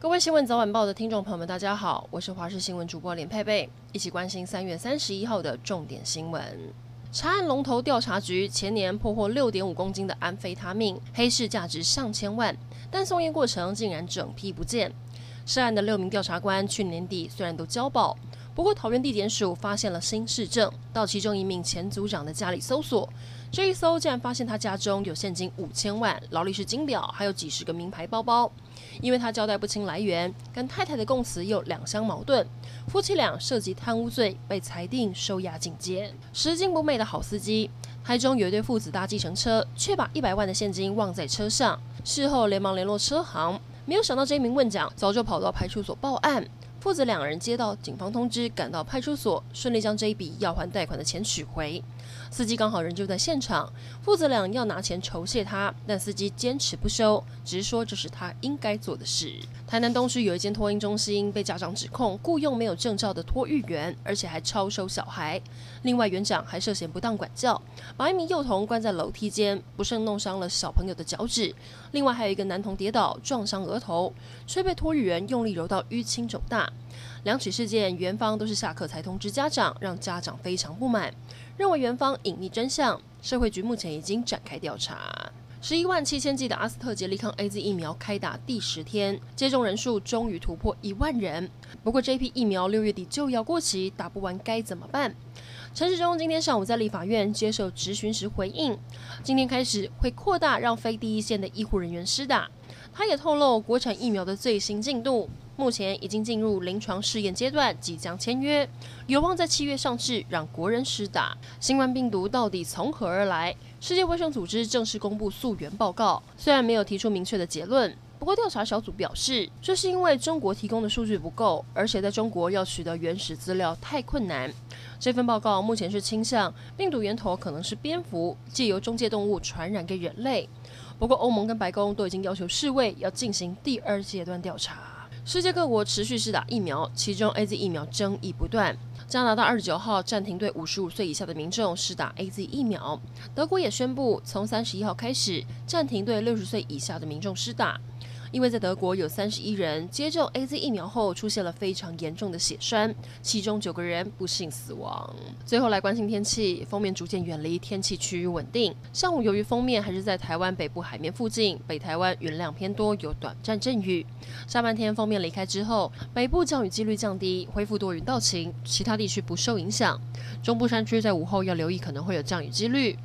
各位新聞早晚報的聽眾朋友們，大家好，我是華視新聞主播連佩佩，一起關心三月三十一號的重點新聞。查案龍頭調查局前年破獲六點五公斤的安非他命，黑市價值上千萬，但送驗過程竟然整批不見。涉案的六名調查官去年底雖然都交保。不過桃園地檢署發現了新事證。到其中一名前組長的家裡搜索，這一搜竟然發現他家中有現金五千萬、勞力士金表，還有幾十個名牌包包。因為他交代不清來源，跟太太的供詞又兩相矛盾，夫妻倆涉及貪污罪，被裁定收押禁見。拾金不昧的好司機，台中有一對父子搭計程車，卻把一百萬的現金忘在車上，事後連忙聯絡車行，沒有想到這名運將早就跑到派出所報案。父子兩人接到警方通知，趕到派出所，順利將這一筆要還貸款的錢取回。司機剛好人就在現場，父子倆要拿錢酬謝他，但司機堅持不收，直說這是他應該做的事。台南東區有一間托嬰中心被家長指控雇傭沒有證照的托育員，而且還超收小孩。另外，園長還涉嫌不當管教，把一名幼童關在樓梯間，不慎弄傷了小朋友的腳趾。另外，還有一個男童跌倒撞傷額頭，卻被托育員用力揉到淤青腫大。兩起事件，園方都是下課才通知家長，讓家長非常不滿，認為園方隱匿真相。社會局目前已經展開調查。十一萬七千劑的阿斯特捷利康 A Z 疫苗開打第十天，接種人數終於突破一萬人。不過這批疫苗六月底就要過期，打不完該怎麼辦？陳時中今天上午在立法院接受質詢時回應，今天開始會擴大讓非第一線的醫護人員施打。他也透露國產疫苗的最新進度。目前已經進入臨床試驗階段，即將簽約，有望在七月上市，讓國人施打。新冠病毒到底從何而來？世界衛生組織正式公布溯源報告，雖然沒有提出明確的結論，不過調查小組表示，這是因為中國提供的數據不夠，而且在中國要取得原始資料太困難。這份報告目前是傾向病毒源頭可能是蝙蝠，借由中介動物傳染給人類。不過歐盟跟白宮都已經要求世衛要進行第二階段調查。世界各國持續施打疫苗，其中 AZ 疫苗爭議不斷。加拿大二十九號暫停對五十五歲以下的民眾施打 AZ 疫苗，德國也宣布從三十一號開始暫停對六十歲以下的民眾施打。因為在德國有三十一人接種 AZ 疫苗後出現了非常嚴重的血栓，其中九個人不幸死亡。最後來關心天氣，鋒面逐漸遠離，天氣趨於穩定。上午由於鋒面還是在台灣北部海面附近，北台灣雲量偏多，有短暫陣雨。下半天鋒面離開之後，北部降雨幾率降低，恢復多雲到晴，其他地區不受影響。中部山區在午後要留意可能會有降雨幾率。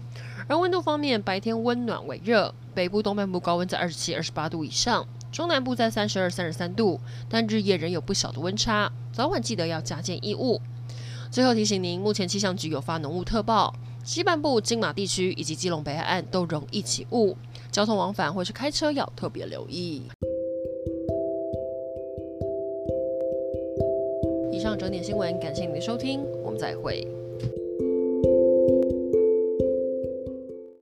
而溫度方面，白天溫暖微熱，北部東半部高溫在二十七、二十八度以上，中南部在三十二、三十三度，但日夜仍有不小的溫差，早晚記得要加件衣物。最後提醒您，目前氣象局有發濃霧特報，西半部金馬地區以及基隆北海岸都容易起霧，交通往返或是開車要特別留意。以上整點新聞，感謝您的收聽，我們再會。